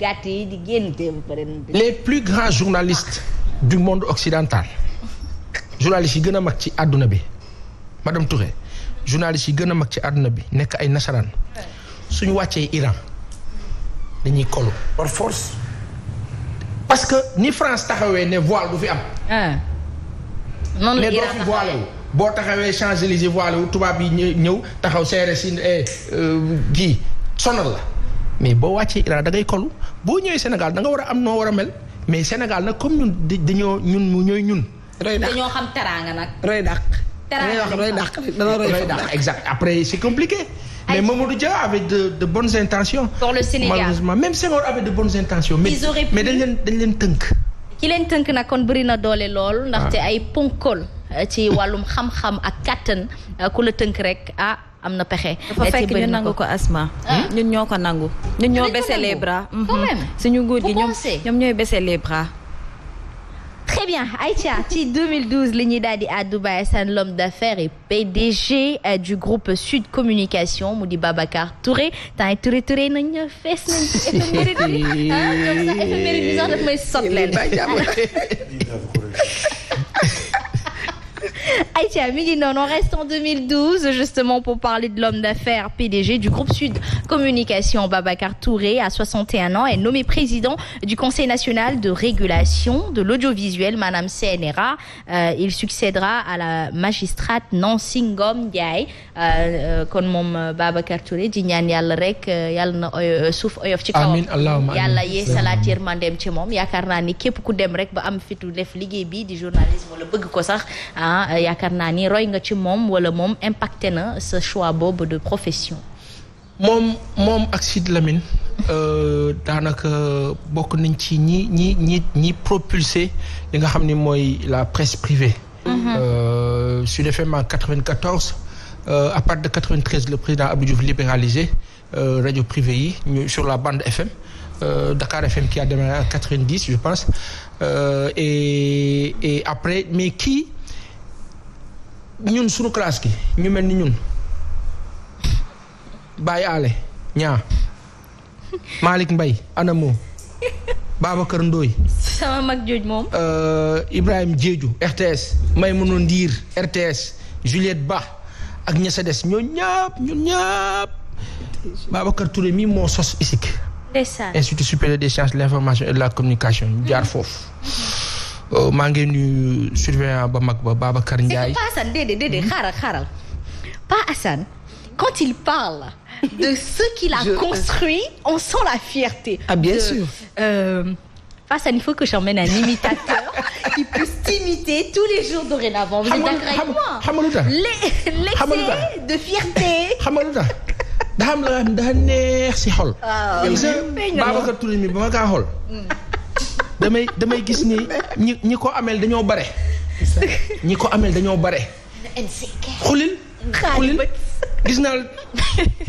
gàtt yi les plus grands journalistes du monde occidental journalistes yi gën a mag ci àdduna bi madame Touré journalistes yi gën a mag ci àdduna bi nekk ay nasaraan suñu wàccee Iran dañuy kolu parce que ni France taxawee ne voile du fi am ah. noonu ne doo fi voilé wu boo taxawee Champs-Élysées voilé wu tubaab yi ñëw taxaw seere si eh, euh, kii sonal la mais boo wàccee Iran da ngay kolu boo ñëwee Sénégal da nga war a am noo war a mel mais Sénégal na comme ñun dañoo ñun mu ñooy ñun. roy dàq dañoo xam teraanga nag. roy dàq. teraanga roy dàq roy dàq exact après c'est compliqué. mais moom a avait de de bonnes intentions. pour le Sénégal malheureusement même Senghor avait de bonnes intentions. mais mais dañ leen dañ leen tënk. ki leen tënk nag kon bëri na doole lool. ndaxte ah. ay ponkol eh, ci wàllum xam-xam ak kàttan eh, ku la tënk rek ah. am na pexe. dafa fekk ñu nangu ko asma. Ah. Hmm? ñun ñoo ko nangu. ñun ñoo baissé les bras. quand hmm? même suñu nguur gi ñoom ñoom ñooy baissé les bras. très bien Aïcha ci 2012 li ñuy daal di àddu Baye Sane l'homme d'affaires et PDG euh, du groupe Sud Communication mu di Babacar Touré temps Touré Touré nañ fees nañ éphéméride bi ah ñoom sax éphéméride bi sax daf may sot leen. Aïcha mi ngi noonu on reste en 2012 justement pour parler de l'homme d'affaires PDG du groupe Sud Communication Babacar Touré à 61 ans est nommé président du Conseil national de régulation de l'audiovisuel maanaam CNRA euh, il succédera à la magistrate Nancy Ngom Ndiaye euh, euh, kon moom euh, Babacar Touré di ñaan yàlla rek yàlla na suuf oyof ci kawam amiin allahumma yàlla yeesalaat yërmandeem ci moom yaakaar naa ni képp ku dem rek ba am fitu def liggéey bi di journalisme wala bëgg ko sax ah yaakaar naa ni roy nga ci moom wala moom impacté na sa choix boobu de profession. moom moom ak Sid Lamine euh, daanaka bokk nañ ci ñi ñi ñi ñi propulsé li nga xam ni mooy la presse privée. Mhm. Euh, Sud FM en 94 euh, à partir de 93 le président Abdou Diouf libéralisé rajo privé yi ñu sur la bande FM Dakar FM qui a démarré en 90 je pense et et après mais kii. ñun suñu classe gi ñu mel ni ñun Baye Ale ñaa mbay Mbaye Anamo Babacar Ndoye sama mag jooj moom euh, Ibrahima Diédhiou RTS Maymouna Ndiir RTS Juliette Ba ak ña sa des ñoo ñaap ñun ñaap Babacar Touré mii moo sos ISIC institut supérieur des sciences l'information et la communication ñu jaar foofu Euh, maa ngi nuyu surveillant ba mag ba Babacar Ndiaye. c'est que Pa hmm? quand il parle. de ce qu'il a construit on sent la fierté. ah bien sûr de euh, il faut que j'emmène un imitateur. qui puisse tous les jours dorénavant. vous êtes d'accord de fierté. xam nga daa am si xol. waaw ah, Babacar Touré mi damay damay gis ni ñi ñi ko ameel dañoo bare. ñi ko amel dañoo bare. xulil xulil gis naa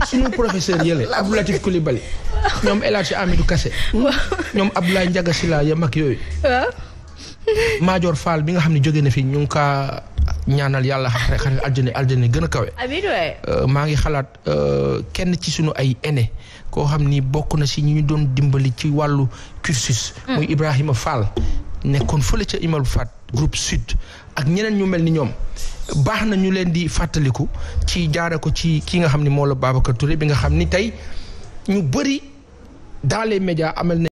suñu professeur yële Abdou Latif Coulibaly ñoom El Hadj Amidou Kassé ñoom Abdoulaye Ndiaga Sylla ya mag yooyu. Maajoor Fall bi nga xam ne jóge na fii ñu ngi kaa ñaanal yàlla xare xare aljana aljana gën a kawe. amiin waay. Euh, maa ngi xalaat euh, kenn ci sunu ay aîné koo xam ni bokk na si ñu ñu doon dimbali ci wàllu cursus. Mm. muy Ibrahima Fall. nekkoon fële ca Imal Fat groupe sud ak ñeneen ñu mel ni ñoom baax na ñu leen di fàttaliku ci jaare ko ci ki nga xam ni moo la Babacar Touré bi nga xam ni tey ñu bëri dans les amal na